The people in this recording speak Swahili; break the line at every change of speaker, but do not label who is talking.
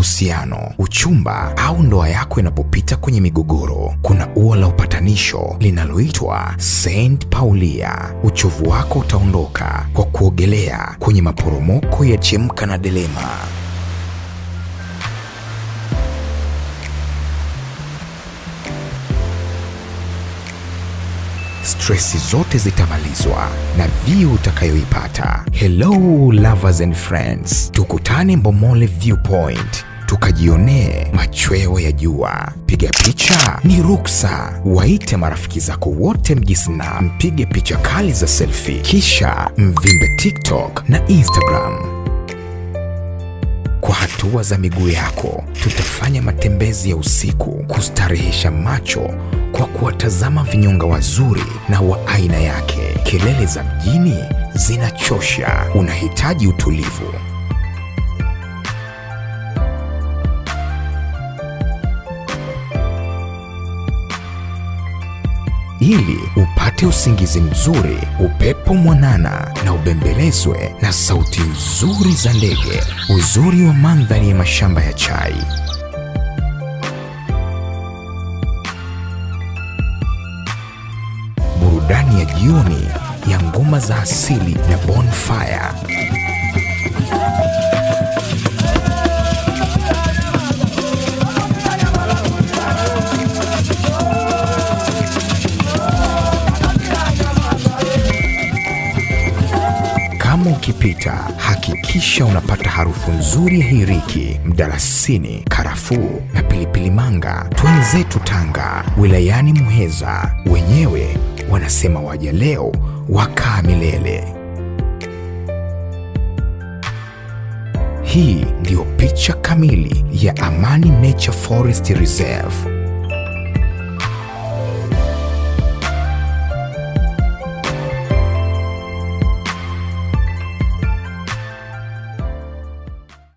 mahusiano, uchumba au ndoa yako inapopita kwenye migogoro, kuna ua la upatanisho linaloitwa St. Paulia. Uchovu wako utaondoka kwa kuogelea kwenye maporomoko ya Chemka na Delema. Stresi zote zitamalizwa na view utakayoipata. Hello lovers and friends, tukutane Mbomole Viewpoint tukajionee machweo ya jua. Piga picha ni ruksa, waite marafiki zako wote mjisna, mpige picha kali za selfie, kisha mvimbe TikTok na Instagram. Kwa hatua za miguu yako, tutafanya matembezi ya usiku kustarehesha macho kwa kuwatazama vinyonga wazuri na wa aina yake. Kelele za mjini zinachosha, unahitaji utulivu. ili upate usingizi mzuri, upepo mwanana na ubembelezwe na sauti nzuri za ndege, uzuri wa mandhari ya mashamba ya chai. Burudani ya jioni ya ngoma za asili na bonfire. Kama ukipita hakikisha unapata harufu nzuri ya hiriki, mdalasini, karafuu na pilipili manga. zetu Tanga wilayani Muheza, wenyewe wanasema waja leo wakaa milele. Hii ndiyo picha kamili ya Amani Nature Forest Reserve.